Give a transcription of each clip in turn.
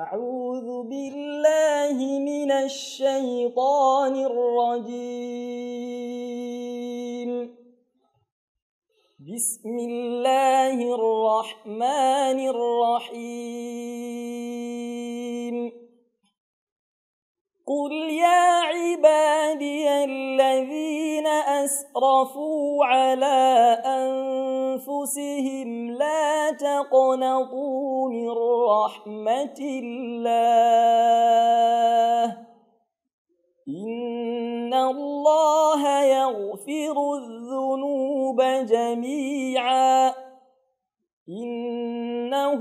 أعوذ بالله من الشيطان الرجيم بسم الله الرحمن الرحيم قل يا عباد الذين أسرفوا على أنفسهم لا تقنطوا من رحمة الله إن الله يغفر الذنوب جميعا إنه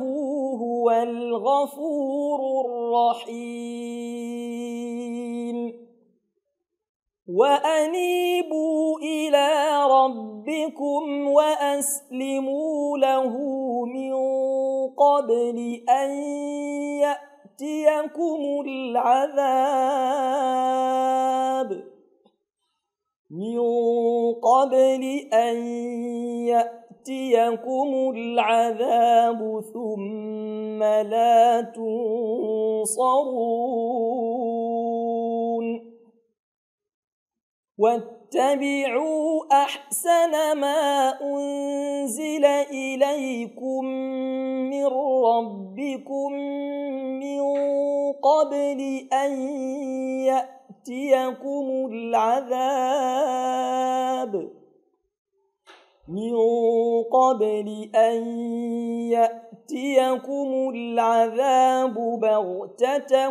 هو الغفور الرحيم وأنيبوا إلى ربكم وأسلموا له من قبل أن يأتيكم العذاب من قبل أن يأتيكم العذاب ثم لا تنصرون واتبعوا أحسن ما أنزل إليكم من ربكم من قبل أن يأتيكم العذاب من قبل أن يأتيكم يأتيكم العذاب بغتة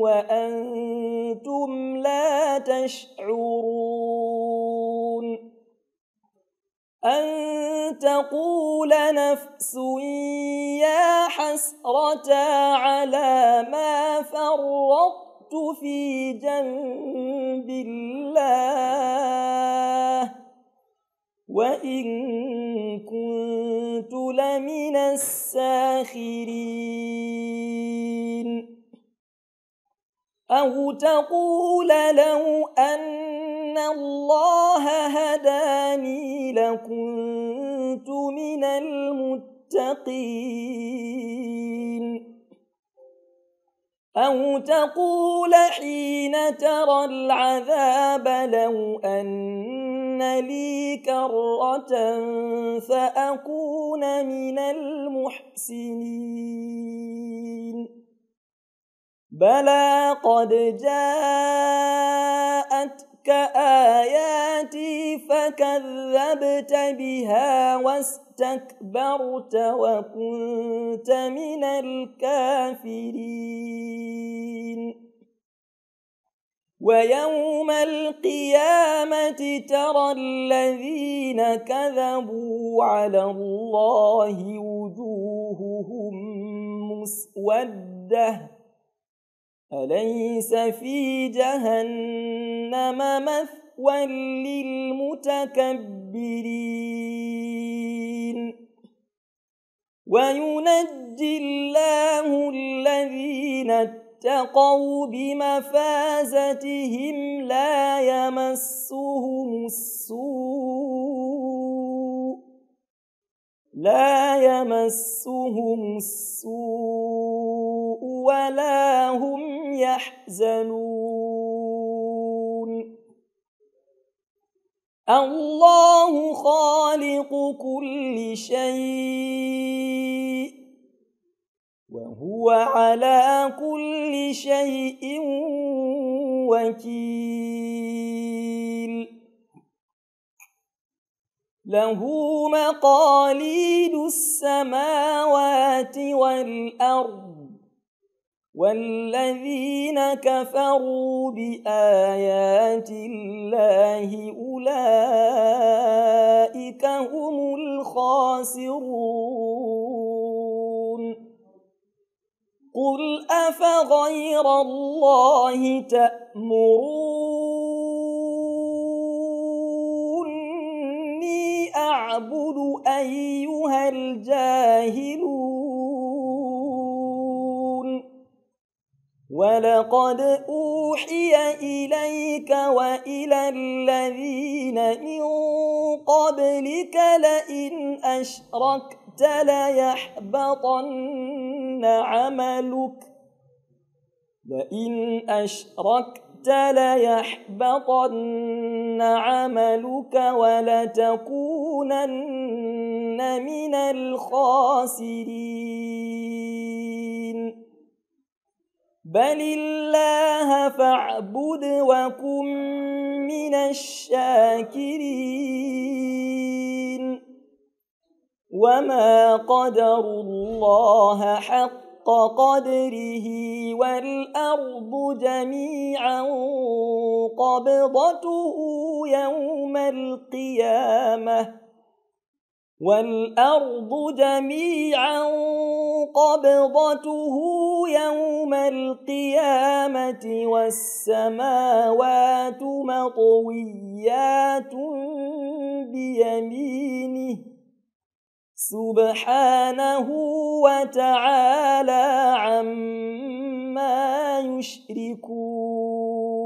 وأنتم لا تشعرون أن تقول نفس يا حسرة على ما فرطت في جنب الله وإن كنت لمن الساخرين أو تقول لو أن الله هداني لكنت من المتقين أو تقول حين ترى العذاب لو أن أن لي كرة فأكون من المحسنين بلى قد جاءتك آياتي فكذبت بها واستكبرت وكنت من الكافرين ويوم القيامة ترى الذين كذبوا على الله وجوههم مسودة أليس في جهنم مثوى للمتكبرين وينجي الله الذين اتقوا بمفازتهم لا يمسهم السوء لا يمسهم السوء ولا هم يحزنون الله خالق كل شيء وهو على كل شيء وكيل له مقاليد السماوات والأرض والذين كفروا بآيات الله أولئك هم الخاسرون أفغير الله تأمروني أعبد أيها الجاهلون ولقد أوحي إليك وإلى الذين من قبلك لئن أشركت ليحبطن عملك لئن أشركت ليحبطن عملك ولتكونن من الخاسرين بل الله فاعبد وكن من الشاكرين وما قدر الله حق قدره والأرض جميعا قبضته يوم القيامة والأرض جميعا قبضته يوم القيامة والسماوات مطويات بيمينه سبحانه وتعالى عما يشركون